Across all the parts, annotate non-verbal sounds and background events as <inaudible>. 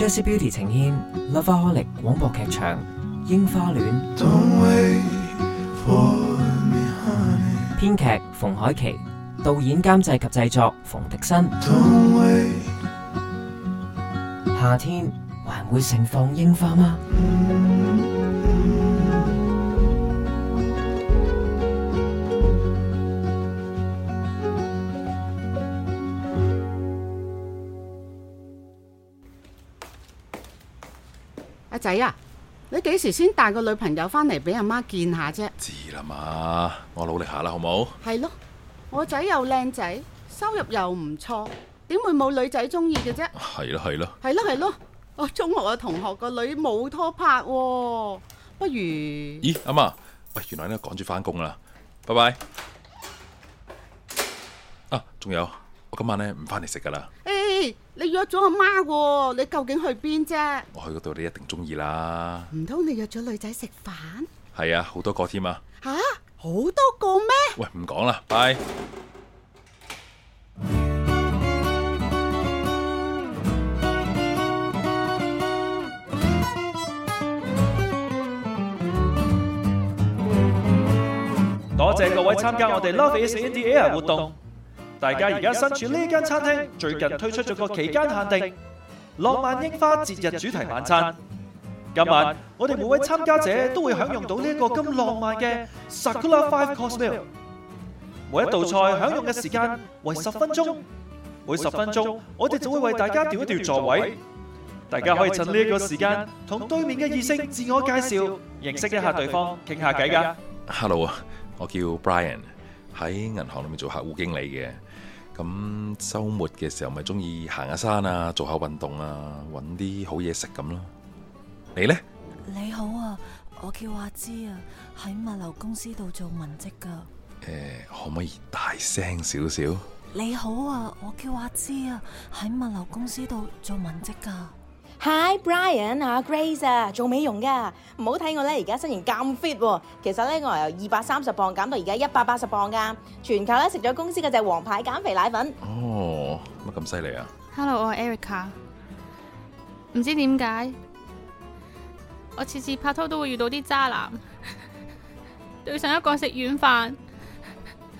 Jessie Beauty 呈獻《Loveaholic》廣播劇場《櫻花戀》，編劇馮海琪，導演監製及製作馮迪新。Don't wait, 夏天還會盛放櫻花嗎？Mm hmm. 仔啊，你幾時先帶個女朋友翻嚟俾阿媽見下啫？知啦嘛，我努力下啦，好冇？係咯，我仔又靚仔，收入又唔錯，點會冇女仔中意嘅啫？係咯係咯，係咯係咯，我中學嘅同學個女冇拖拍，不如？咦，阿媽，喂，原來咧趕住翻工，啦，拜拜。啊，仲有，我今晚咧唔翻嚟食噶啦。你約咗阿媽喎，你究竟去邊啫？我去嗰度你一定中意啦。唔通你約咗女仔食飯？係啊，好多個添啊。吓，好多個咩？喂，唔講啦，拜。多謝各位參加我哋 Love is in the air 活動。大家而家身處呢間餐廳，最近推出咗個期間限定浪漫櫻花節日主題晚餐。今晚我哋每位參加者都會享用到呢一個咁浪漫嘅 Sakura Five Course Meal。每一道菜享用嘅時間為十分鐘，每十分鐘我哋就會為大家調一調座位。大家可以趁呢一個時間同對面嘅異性自我介紹，認識一下對方，傾下偈噶。Hello，我叫 Brian，喺銀行裏面做客戶經理嘅。咁周末嘅時候，咪中意行下山啊，做下運動啊，搵啲好嘢食咁咯。你呢？你好啊，我叫阿芝啊，喺物流公司度做文職噶。誒、欸，可唔可以大聲少少？你好啊，我叫阿芝啊，喺物流公司度做文職噶。Hi，Brian 啊、oh，Grace 啊，做美容噶，唔好睇我咧，而家身形咁 fit，其實咧，我由二百三十磅減到而家一百八十磅噶，全靠咧，食咗公司嗰隻王牌減肥奶粉。哦、oh, 啊，乜咁犀利啊？Hello，我係 Erica，唔知點解我次次拍拖都會遇到啲渣男，對 <laughs> 上一個食軟飯，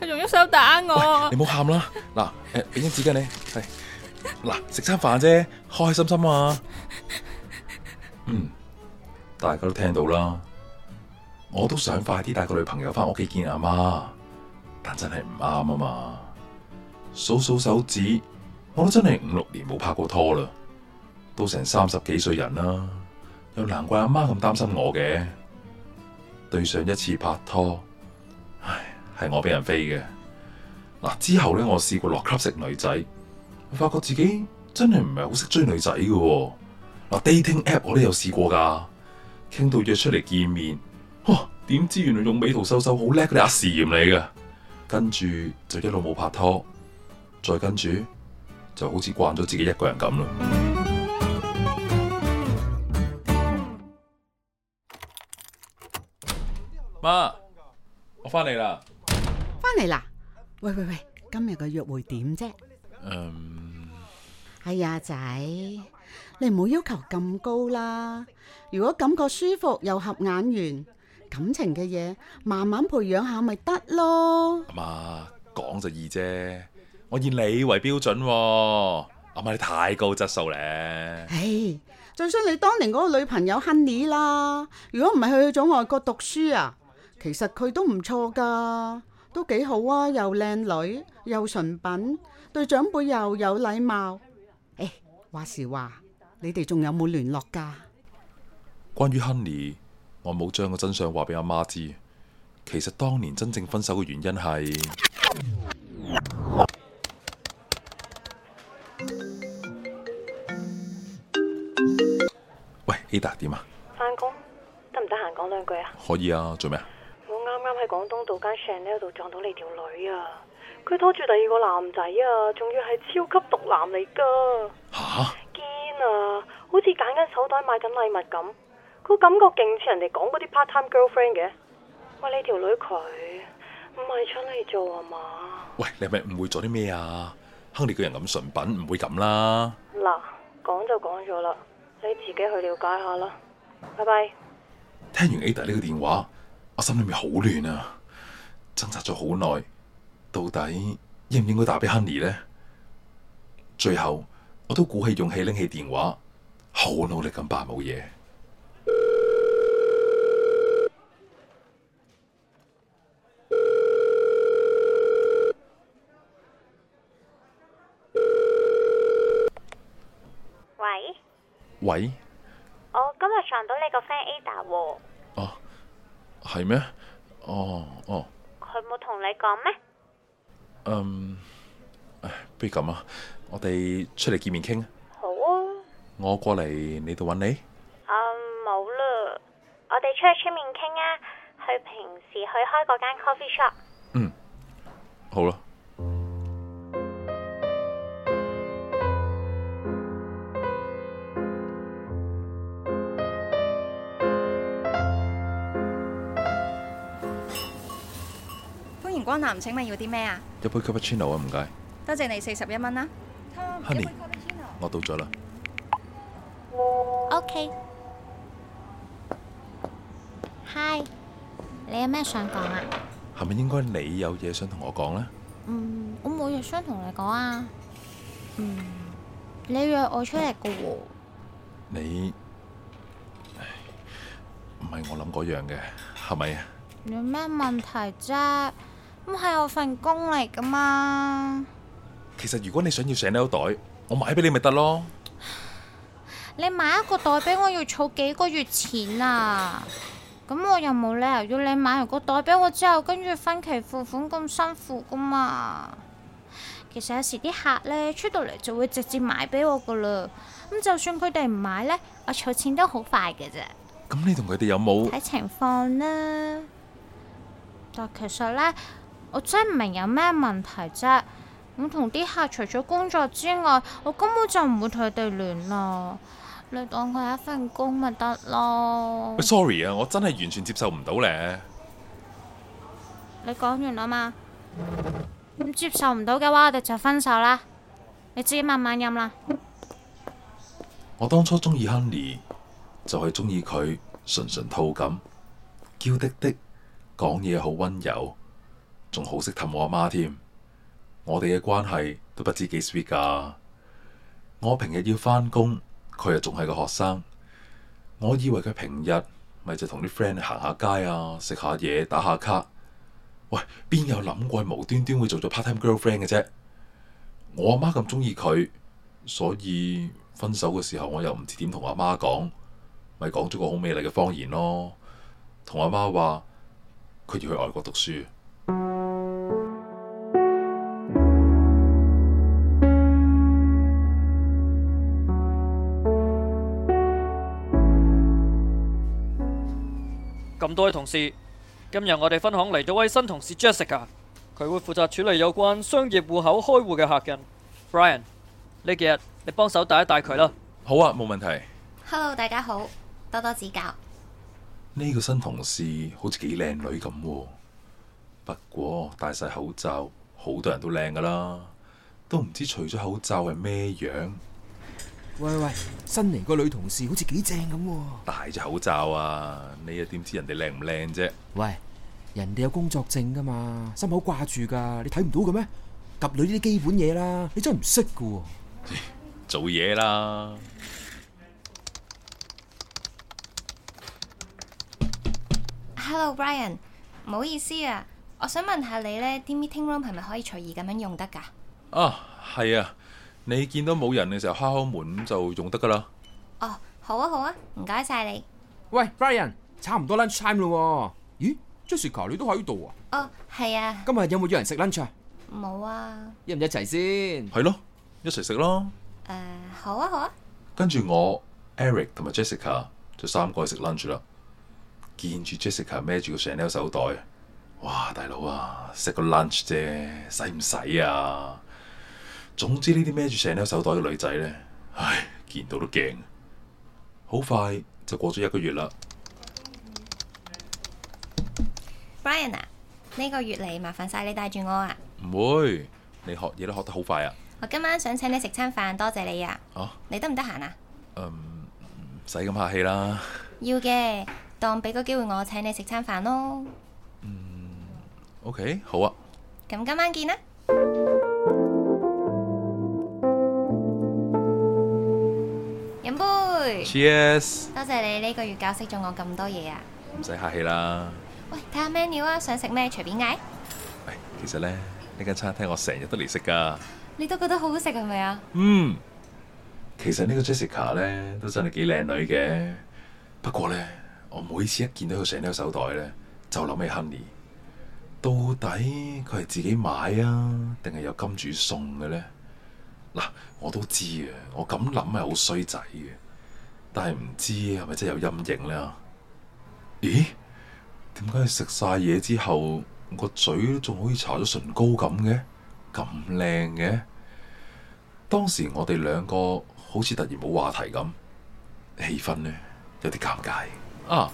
佢仲一手打我，你唔好喊啦，嗱，誒，俾張紙巾你係。嗱，食餐飯啫，開開心心啊！嗯，大家都聽到啦，我都想快啲帶個女朋友翻屋企見阿媽，但真係唔啱啊嘛！數數手指，我都真係五六年冇拍過拖啦，都成三十幾歲人啦，又難怪阿媽咁擔心我嘅。對上一次拍拖，唉，係我俾人飛嘅。嗱之後咧，我試過落 club 食女仔。發覺自己真係唔係好識追女仔嘅、啊，嗱、啊、dating app 我都有試過噶，傾到約出嚟見面，哇、啊！點知原來用美圖秀秀好叻嗰啲阿時嫌你嘅，跟住就一路冇拍拖，再跟住就好似慣咗自己一個人咁啦。媽，我翻嚟啦，翻嚟啦！喂喂喂，今日嘅約會點啫？嗯。係啊，仔，你唔好要求咁高啦。如果感覺舒服又合眼緣，感情嘅嘢，慢慢培養下咪得咯。阿媽講就易啫，我以你為標準，阿媽你太高質素咧。唉，最衰你當年嗰個女朋友 Honey 啦，如果唔係去咗外國讀書啊，其實佢都唔錯噶，都幾好啊，又靚女又純品，對長輩又有禮貌。誒，話時話，你哋仲有冇聯絡噶？關於亨利，我冇將個真相話俾阿媽知。其實當年真正分手嘅原因係……喂，Ada 點啊？返工得唔得閒講兩句啊？可以啊，做咩啊？我啱啱喺廣東道間 Chanel 度撞到你條女啊！佢拖住第二個男仔啊，仲要係超級毒男嚟噶吓！堅啊，好似揀緊手袋買緊禮物咁，個感覺勁似人哋講嗰啲 part time girlfriend 嘅。喂，你條女佢唔係出嚟做啊嘛？喂，你係咪誤會咗啲咩啊？亨利個人咁純品，唔會咁啦。嗱，講就講咗啦，你自己去了解下啦。拜拜。聽完 Ada 呢個電話，我心裏面好亂啊，掙扎咗好耐。到底應唔應該打俾 Honey 呢？最後我都鼓起勇氣拎起電話，好努力咁扮冇嘢。喂喂，喂，我今日撞到你個 friend Ada。哦，係咩？哦哦，佢冇同你講咩？嗯，um，不如咁啊，我哋出嚟見面傾啊。好啊，我過嚟你度揾你。嗯，冇啦，我哋出去出面傾啊。去平時去開嗰間 coffee shop。嗯，好啦。男，請問要啲咩啊？一杯卡布奇諾啊，唔該。多謝你，四十一蚊啦，Honey。我到咗啦。O.K. Hi，你有咩想講啊？係咪應該你有嘢想同我講呢？嗯，我冇嘢想同你講啊。嗯，你約我出嚟㗎喎。你唔係我諗嗰樣嘅，係咪啊？有咩問題啫？咁係我份工嚟噶嘛？其實如果你想要 Chanel 袋，我買俾你咪得咯。你買一個袋俾我要儲幾個月錢啊？咁我又冇理由要你買完個袋俾我之後，跟住分期付款咁辛苦噶嘛？其實有時啲客呢，出到嚟就會直接買俾我噶啦。咁就算佢哋唔買呢，我儲錢都好快嘅啫。咁你同佢哋有冇睇情況啦？但其實呢。我真唔明有咩問題啫。我同啲客除咗工作之外，我根本就唔會同佢哋聯絡。你當佢係一份工咪得咯。Sorry 啊，我真係完全接受唔到咧。你講完啦嘛？咁接受唔到嘅話，我哋就分手啦。你自己慢慢飲啦。我當初中意亨利，就係中意佢純純套咁嬌滴滴，講嘢好溫柔。仲好識氹我阿媽添，我哋嘅關係都不知幾 sweet 噶。我平日要返工，佢又仲係個學生。我以為佢平日咪就同啲 friend 行下街啊，食下嘢，打下卡。喂，邊有諗過係無端端會做咗 part time girlfriend 嘅啫？我阿媽咁鍾意佢，所以分手嘅時候，我又唔知點同阿媽講，咪講咗個好美麗嘅謊言咯。同阿媽話佢要去外國讀書。咁多位同事，今日我哋分行嚟咗位新同事 Jessica，佢會負責處理有關商業戶口開戶嘅客人。Brian，呢幾日你幫手帶一帶佢啦。好啊，冇問題。Hello，大家好，多多指教。呢個新同事好似幾靚女咁。不過戴晒口罩，好多人都靚噶啦，都唔知除咗口罩係咩樣。喂喂，新嚟個女同事好似幾正咁喎。戴住口罩啊，你又點知人哋靚唔靚啫？喂，人哋有工作證噶嘛，心口掛住噶，你睇唔到嘅咩？睇女呢啲基本嘢啦，你真係唔識噶。 <laughs> 做嘢啦。Hello，Brian，唔好意思啊。我想問下你咧，啲 meeting room 係咪可以隨意咁樣用得噶？啊，係啊，你見到冇人嘅時候敲敲門咁就用得噶啦。哦，好啊好啊，唔該晒你。喂，Brian，差唔多 lunch time 啦。咦，Jessica，你都喺度啊？哦，係啊。今日有冇約人食 lunch？啊？冇啊。一唔一齊先？係咯，一齊食咯。誒，好啊好啊。跟住我，Eric 同埋 Jessica 就三個去食 lunch 啦。見住 Jessica 孭住個 Chanel 手袋。哇，大佬啊，食個 lunch 啫，使唔使啊？總之呢啲孭住成堆手袋嘅女仔呢，唉，見到都驚。好快就過咗一個月啦。Brian 啊，呢個月嚟麻煩晒你帶住我啊！唔會，你學嘢都學得好快啊！我今晚想請你食餐飯，多謝你啊！啊？你得唔得閒啊？嗯，唔使咁客氣啦。要嘅，當俾個機會我請你食餐飯咯。嗯。OK，好啊。咁今晚見啦。飲杯 Cheers。多謝你呢個月教識咗我咁多嘢啊！唔使客氣啦。喂，睇下咩料啊？想食咩？隨便嗌。喂，其實咧，呢間餐廳我成日都嚟食噶。你都覺得好好食係咪啊？是是嗯。其實呢個 Jessica 咧都真係幾靚女嘅。不過咧，我每次一見到佢成對手袋咧，就諗起 Honey。到底佢係自己買啊，定係有金主送嘅咧？嗱，啊，我都知嘅，我咁諗係好衰仔嘅，但係唔知係咪真係有陰影咧？咦？點解食晒嘢之後，個嘴仲好似搽咗唇膏咁嘅？咁靚嘅？當時我哋兩個好似突然冇話題咁，氣氛咧有啲尷尬。啊！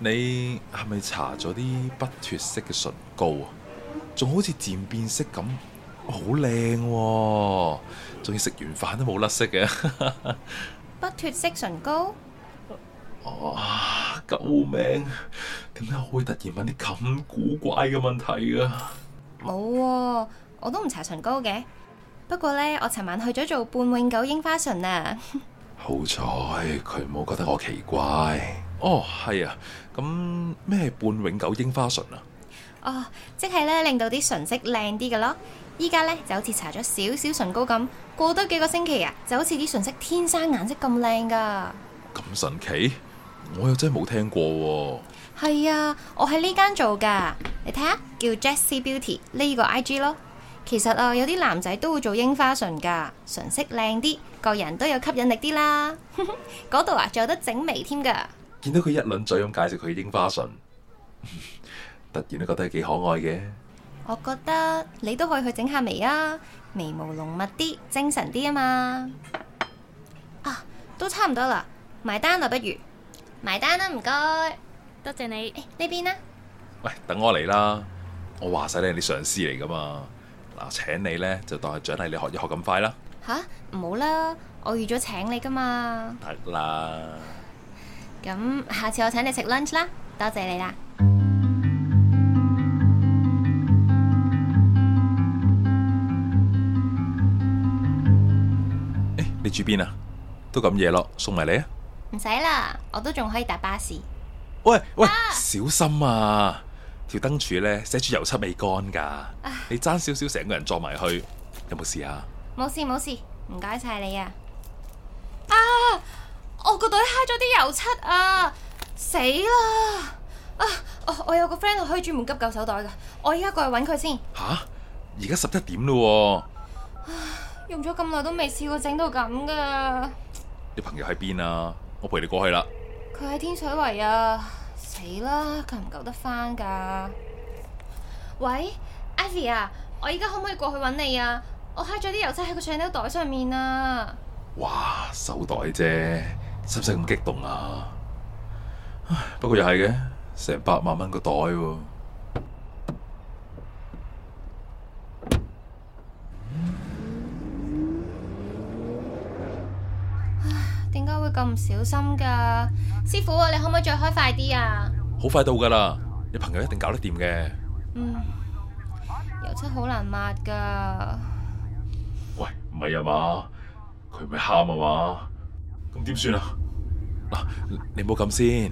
你係咪搽咗啲不脫色嘅唇膏啊？仲好似漸變色咁，好、哦、靚，仲、哦、要食完飯都冇甩色嘅。 <laughs> 不脫色唇膏？哇、啊！救命！點解我會突然問啲咁古怪嘅問題啊？冇、哦，我都唔搽唇膏嘅。不過呢，我尋晚去咗做半永久櫻花唇啊。 <laughs> 好彩佢冇覺得我奇怪。哦，係啊，咁、嗯、咩半永久櫻花唇啊？哦，即係咧，令到啲唇色靚啲嘅咯。依家咧就好似搽咗少少唇膏咁，過多幾個星期啊，就好似啲唇色天生顏色咁靚噶。咁神奇，我又真係冇聽過、啊。係啊，我喺呢間做噶，你睇下叫 Jessie Beauty 呢個 IG 咯。其實啊，有啲男仔都會做櫻花唇噶，唇色靚啲，個人都有吸引力啲啦。嗰 <laughs> 度啊，仲有得整眉添噶。見到佢一輪嘴咁介紹佢嘅櫻花唇， <laughs> 突然都覺得係幾可愛嘅。我覺得你都可以去整下眉啊，眉毛濃密啲，精神啲啊嘛。啊，都差唔多啦，埋單啦不如，埋單啦唔該，多謝你、欸、呢邊啦。喂，等我嚟、啊、啦，我話晒你係你上司嚟噶嘛，嗱，請你咧就當係獎勵你學嘢學咁快啦。吓，唔好啦，我預咗請你噶嘛。得啦。咁下次我請你食 lunch 啦，多謝你啦。欸，你住邊啊？都咁夜咯，送埋你啊？唔使啦，我都仲可以搭巴士。喂喂，喂啊，小心啊！條燈柱咧寫住油漆未乾噶，啊，你爭少少成個人撞埋去，有冇事啊？冇事冇事，唔該晒你啊！啊！我個袋揩咗啲油漆啊！死啦！啊，我，我有個 friend 可以專門急救手袋噶，我依家過嚟搵佢先。吓、啊，而家十一點咯，啊！用咗咁耐都未試過整到咁噶。你朋友喺邊啊？我陪你過去啦。佢喺天水圍啊！死啦，救唔救得翻噶？喂，Evi 啊！我依家可唔可以過去搵你啊？我揩咗啲油漆喺個手袋上面啊！哇，手袋啫～使唔使咁激動啊？不過又係嘅，成八萬蚊，個袋喎啊。唉，點解會咁唔小心噶？師傅，你可唔可以再開快啲啊？好快到噶啦，你朋友一定搞得掂嘅。嗯，油漆好難抹噶。喂，唔係啊嘛，佢唔係喊啊嘛，咁點算啊？你唔好咁先。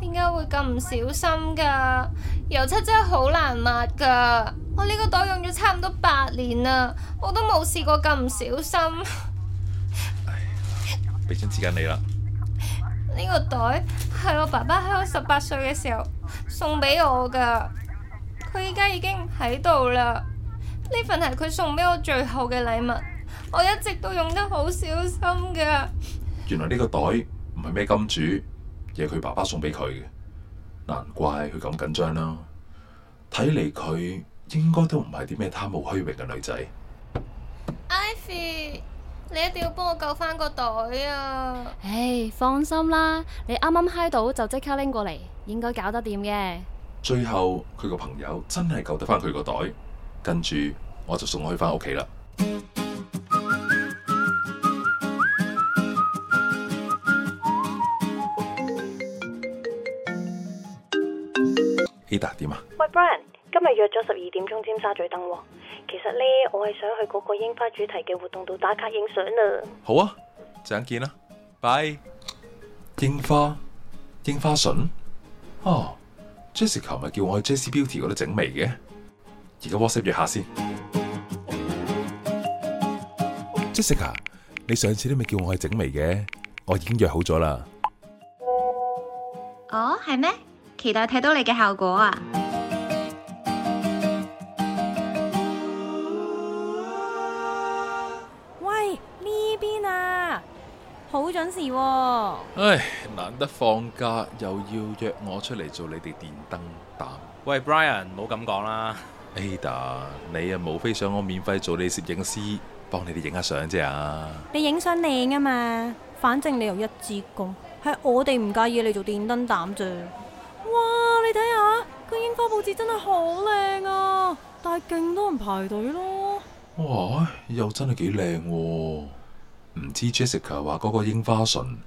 點解會咁唔小心噶？油漆真係好難抹噶。我呢個袋用咗差唔多八年啦，我都冇試過咁唔小心。 <laughs> 唉，俾張紙巾你啦。呢個袋係我爸爸喺我十八歲嘅時候送俾我噶。佢依家已經唔喺度啦。呢份係佢送俾我最後嘅禮物，我一直都用得好小心噶。原來呢個袋。唔係咩金主嘢，佢爸爸送俾佢嘅，難怪佢咁緊張啦。睇嚟佢應該都唔係啲咩貪慕虛榮嘅女仔。Ivy，你一定要幫我救翻個袋啊！唉，hey, 放心啦，你啱啱揩到就即刻拎過嚟，應該搞得掂嘅。最後佢個朋友真係救得翻佢個袋，跟住我就送佢翻屋企啦。點啊？喂，Brian，今日約咗十二點鐘尖沙咀等。其實咧，我係想去嗰個櫻花主題嘅活動度打卡影相啊。好啊，陣見啦，拜，拜。櫻花，櫻花筍。哦，Jessica，咪叫我去 JC Beauty 嗰度整眉嘅，而家 WhatsApp 約下先。 <music> Jessica，你上次都咪叫我去整眉嘅，我已經約好咗啦。哦、oh，係咩？期待睇到你嘅效果啊！喂，呢邊啊，好準時啊。唉，難得放假又要約我出嚟做你哋電燈膽。喂，Brian，唔好咁講啦。Ada，你啊，無非想我免費做你攝影師，幫你哋影下相啫啊。你影相靚啊嘛，反正你又一枝公，係我哋唔介意你做電燈膽啫。你睇下，個櫻花佈置真係好靚啊，但係勁多人排隊咯。哇，又真係幾靚，唔知 Jessica 話嗰個櫻花唇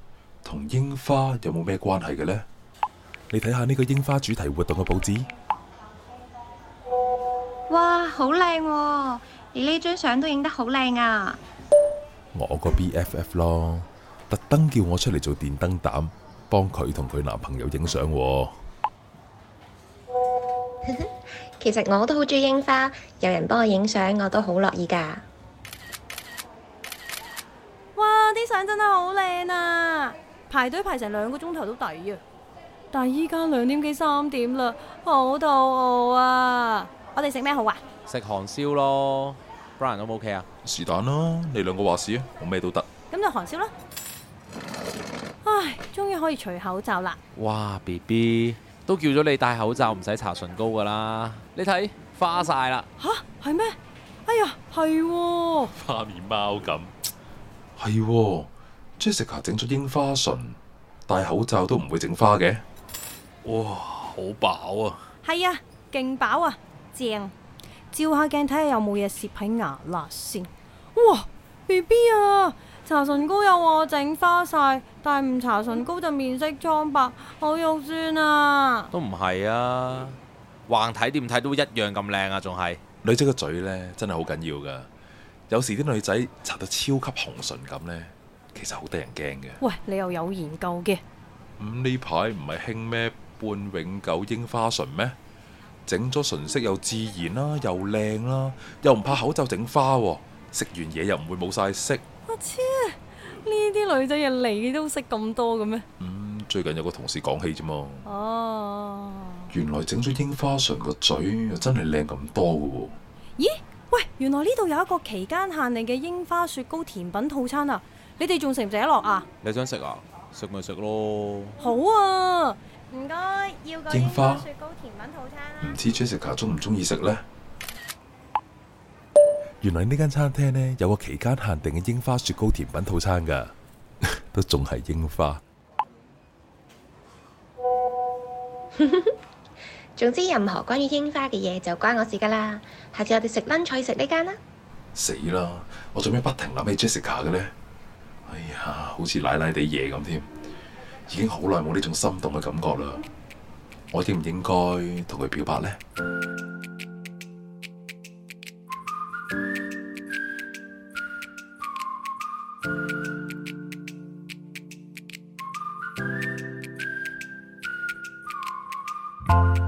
同櫻花有冇咩關係嘅呢？你睇下呢個櫻花主題活動嘅佈置，哇，好靚，啊，而呢張相都影得好靚啊。我個 BFF 咯，特登叫我出嚟做電燈膽，幫佢同佢男朋友影相，啊。 <laughs> 其實我都好中意櫻花，有人幫我影相，我都好樂意噶。哇，啲相真係好靚啊！排隊排成兩個鐘頭都抵啊！但係依家兩點幾三點啦，好肚餓啊！我哋食咩好啊？食韓燒咯，Brian o 唔 OK 啊？是但啦，你兩個話事啊，我咩都得。咁就韓燒啦。唉，終於可以除口罩啦。哇，B B。寶寶都叫咗你戴口罩，唔使搽唇膏噶啦。你睇花晒啦！吓、啊？係咩？哎呀係，啊、花面貓咁係、 <coughs> 啊。Jessica 整咗櫻花唇，戴口罩都唔會整花嘅。哇，好飽啊！係啊，勁飽啊，正。照下鏡睇下有冇嘢攝喺牙罅先。哇，B B 啊！搽唇膏又我整花晒，但係唔搽唇膏就面色蒼白，好肉酸啊！都唔係啊，橫睇點睇都一樣咁靚啊，仲係女仔個嘴呢，真係好緊要㗎。有時啲女仔搽到超級紅唇咁呢，其實好得人驚嘅。喂，你又有，有研究嘅？咁呢排唔係興咩半永久櫻花唇咩？整咗唇色又自然啦、啊，又靚啦、啊，又唔怕口罩整花喎、啊，食完嘢又唔會冇晒色。我超、啊、～呢啲女仔嘅，你都識咁多嘅咩？嗯，最近有個同事講起啫嘛。哦。原來整咗櫻花唇個嘴又真係靚咁多嘅喎。咦？喂，原來呢度有一個期間限定嘅櫻花雪糕甜品套餐啊！你哋仲食唔食得落啊？你想食啊？食咪食咯。好啊，唔該，要個櫻花雪糕甜品套餐啦啊。唔知 Jessica 中唔中意食呢？原來呢間餐廳呢，有個期間限定嘅櫻花雪糕甜品套餐噶，都仲係櫻花。 <laughs> 總之任何關於櫻花嘅嘢就關我事噶啦。下次我哋食 lunch 去食呢間啦。死啦！我做咩不停諗起 Jessica 嘅呢？哎呀，好似奶奶哋嘢咁添。已經好耐冇呢種心動嘅感覺啦。我應唔應該同佢表白呢？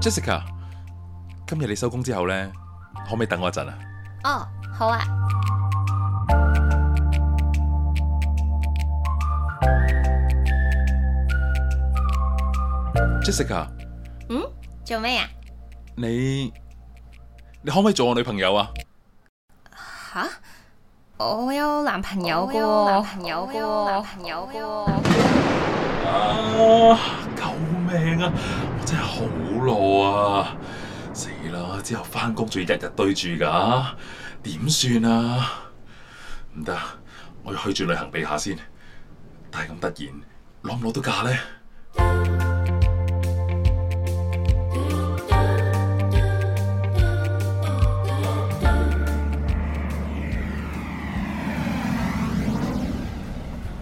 Jessica，今日你收工之後咧，可唔可以等我一陣啊？哦，oh, 好啊。Jessica，嗯，做咩啊？你，你可唔可以做我女朋友啊？吓，我有男朋友㗎，婆有男朋友㗎，婆有男朋友㗎。啊！救命啊！真係好耐啊！死啦！之後翻工仲要日日堆住噶，點算啊？唔得，啊，我要去住旅行避下先。但係咁突然，攞唔攞到假咧？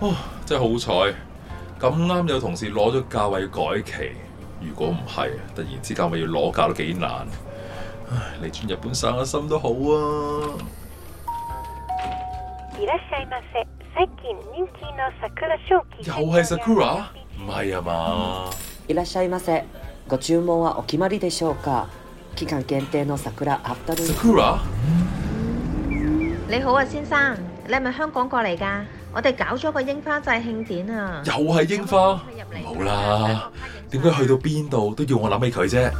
哦，真係好彩，咁啱有同事攞咗價位改期。如果唔係，突然之間咪要攞假都幾難。唉，嚟轉日本散下心都好啊。又係 Sakura，唔係啊嘛。你好啊，先生，你係咪香港過嚟㗎？我哋搞咗個櫻花祭慶典啊！又係櫻花，冇啦！點解去到邊度都要我諗起佢啫？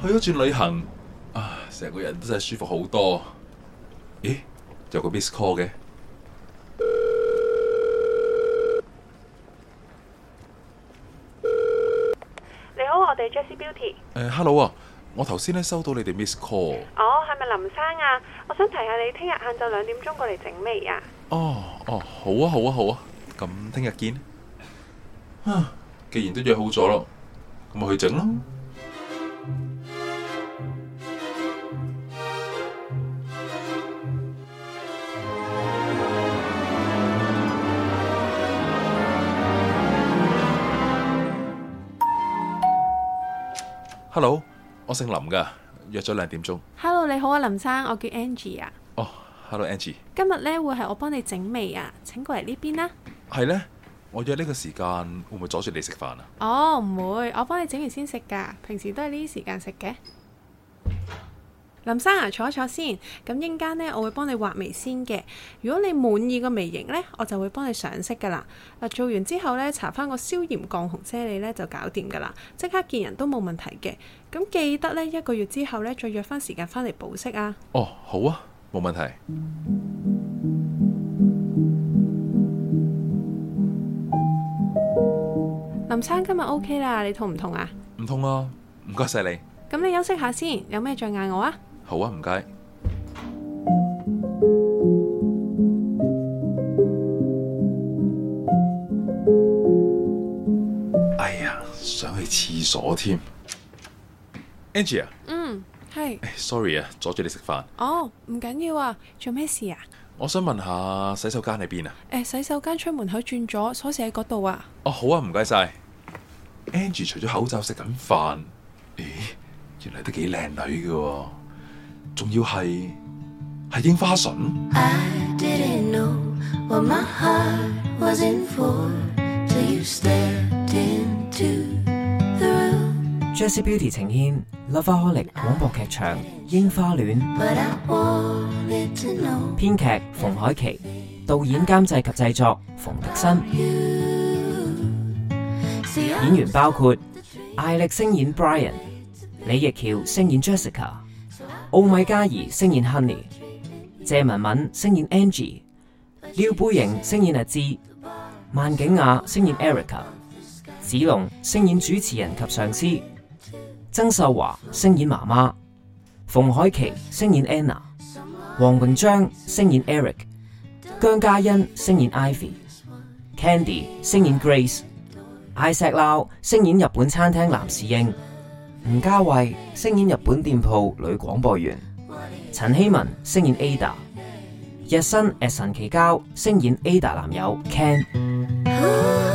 去咗轉旅行啊，成個人都真係舒服好多。咦，有個 miss call 嘅。Jessie Beauty，誒，Hello 啊，我頭先咧收到你哋 Miss Call，哦，係咪林生啊？我想提下你聽日晏晝兩點鐘過嚟整未啊？哦，哦，好啊，好啊，好啊，咁聽日見。啊，既然都約好咗咯，咁咪去整咯。Hello，我姓林噶，約咗兩點鐘。Hello，你好啊，林生，我叫 Angie 啊。哦，Hello，Angie。今日呢會係我幫你整味啊，請過嚟呢邊啦。係呢？我約呢個時間會唔會阻住你食飯啊？哦，唔會，我幫你整完先食噶，平時都係呢啲時間食嘅。林生啊，坐一坐先。咁一陣間呢，我會幫你畫眉先嘅。如果你滿意個眉形呢，我就會幫你上色噶啦。嗱，做完之後呢，搽翻個消炎降紅啫喱呢，就搞掂噶啦。即刻見人都冇問題嘅。咁記得呢，一個月之後呢，再約翻時間返嚟補色啊。哦，好啊，冇問題。林生今日 OK 啦，你痛唔痛啊？唔痛啊，唔該晒你。咁你休息下先，有咩再嗌我啊。好啊，唔該。哎呀，想去廁所添。Angie 啊，嗯，係。哎，Sorry 啊，阻住你食飯。哦，唔緊要啊，做咩事啊？我想問下洗手間喺邊啊？誒、哎，洗手間出門口轉左，鎖匙喺嗰度啊。哦，好啊，唔該晒。Angie 除咗口罩食緊飯，咦、哎，原嚟都幾靚女㗎。仲要係係櫻花純。Jessie Beauty 呈現 Loveaholic 廣播劇場《櫻花戀》，編劇馮海琪，導演監製及製作馮德新，演員包括艾力聲演 Brian，李易橋聲演 Jessica。奧米加兒飾演 Honey，謝文文飾演 Angie，廖貝瑩飾演阿志，萬景雅飾演 Erica，子龍飾演主持人及上司，曾秀華飾演媽媽，馮海琪飾演 Anna，黃榮章飾演 Eric，姜嘉欣飾演 Ivy，Candy 飾演 Grace，艾石撈飾演日本餐廳男侍應。吳家衛聲演日本店鋪女廣播員，陳希文聲演 Ada，日新生誒神奇交聲演 Ada 男友 Ken。